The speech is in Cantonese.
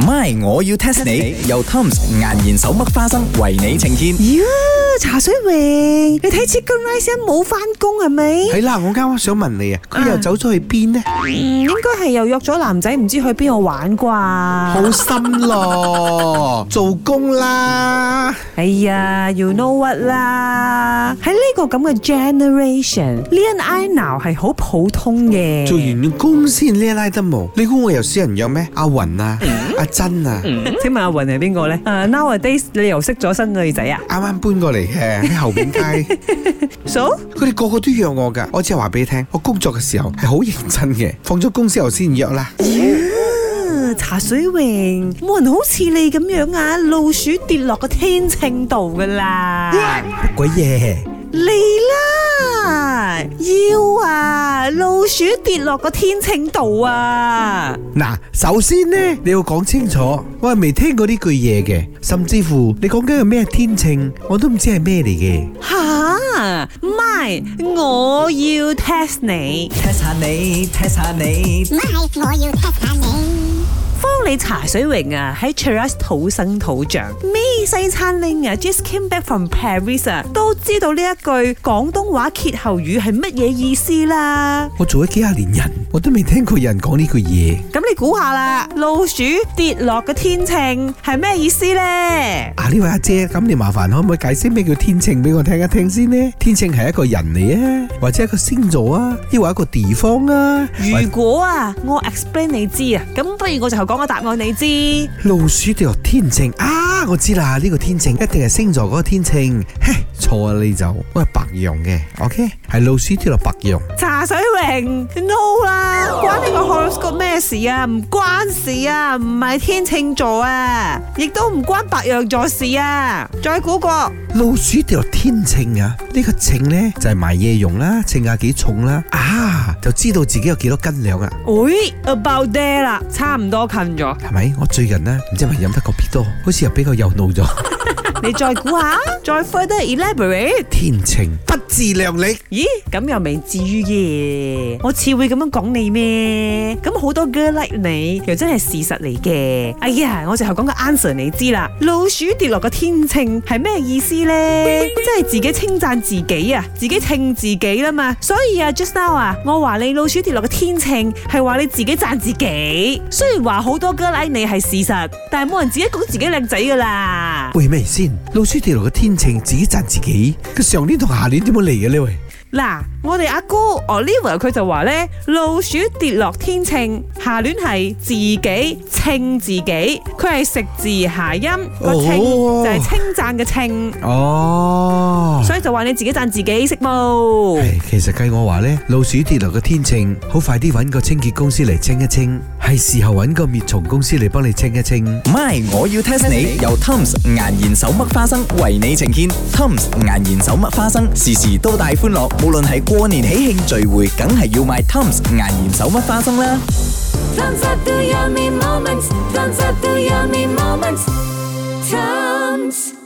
唔係，我要 test 你。由 Tom 斯毅然手剝花生，為你呈現。喲，茶水榮，你睇 Chicken Rice 冇翻工係咪？係啦，我啱啱想問你啊，佢又走咗去邊呢？嗯，應該係又約咗男仔，唔知去邊度玩啩？好心咯，做工啦。哎呀，you know what 啦？喺呢個咁嘅 generation，戀愛腦係好普通嘅。做完工先，戀愛腦得冇？你估我又私人約咩？阿云啊，阿。真啊！請問阿雲係邊個咧？啊，nowadays 你又識咗新女仔啊？啱啱搬過嚟誒，喺後面街。So 佢哋個個都約我㗎，我只係話俾你聽，我工作嘅時候係好認真嘅，放咗工之後先約啦。茶水榮，冇人好似你咁樣啊！老鼠跌落個天秤度㗎啦！乜鬼嘢？嚟啦！老鼠跌落個天秤度啊,啊！嗱，首先呢，你要講清楚，我係未聽過呢句嘢嘅，甚至乎你講緊嘅咩天秤，我都唔知係咩嚟嘅。吓、啊、，My 我要 test 你，test 下你，test 下你，My 我要 test 下你。下你 My, 下你方你茶水榮啊，喺 Cheras 土生土長。西餐 ling 啊，just came back from Paris 啊，都知道呢一句廣東話歇後語係乜嘢意思啦。我做咗幾廿年人，我都未聽過有人講呢句嘢。咁你估下啦，老鼠跌落嘅天秤係咩意思咧？啊，呢位阿姐，咁你麻煩可唔可以解釋咩叫天秤俾我聽一聽先呢？天秤係一個人嚟啊，或者一個星座啊，抑或一個地方啊？如果啊，我 explain 你知啊，咁不如我就係講個答案你知。老鼠跌落天秤啊！我知啦，呢、這個天秤一定係星座嗰個天秤。錯啊你就，我係白羊嘅，OK，係老鼠跌落白羊。茶水榮，no 啦，關呢個 horoscope 咩事啊？唔關事啊，唔係天秤座啊，亦都唔關白羊座事啊。再估過，老鼠跌落天秤啊，這個、呢個秤咧就係買嘢用啦，秤下幾重啦啊。就知道自己有幾多斤兩啊！喂、oh, about there 啦，差唔多近咗，係咪？我最近咧，唔知係咪飲得個別多，好似又比較又怒咗。 你再估下，再 further elaborate，天秤，不自量力，咦？咁又未至於嘅，我似會咁樣講你咩？咁好多 girl like 你，又真係事實嚟嘅。哎呀，我最後講個 answer 你知啦，老鼠跌落個天秤係咩意思咧？即係自己稱讚自己啊，自己稱自己啦嘛。所以啊，just now 啊，我話你老鼠跌落個天秤係話你自己讚自己。雖然話好多 girl like 你係事實，但係冇人自己講自己靚仔噶啦。會咩先？老鼠跌落嘅天秤，自己讚自己，佢上年同下年點會嚟啊呢喂。嗱，我哋阿姑 Oliver 佢就話咧，老鼠跌落天秤，下聯係自己稱自己，佢係食字諧音個稱，哦哦哦哦，就係稱讚嘅稱哦，哦，哦哦，所以就話你自己讚自己食冇。其實計我話咧，老鼠跌落個天秤，好快啲搵個清潔公司嚟，清一清，係時候搵個滅蟲公司嚟幫你清一清。唔係，我要 test 你。由 Tom's 顏言手剝花生，為你呈現 Tom's 顏言手剝花生，時時都帶歡樂。無論係過年喜慶聚會，梗係要買 Tom's，岩鹽手剝花生啦。Tom's up to yummy moments，Tom's up to yummy moments，Tom's。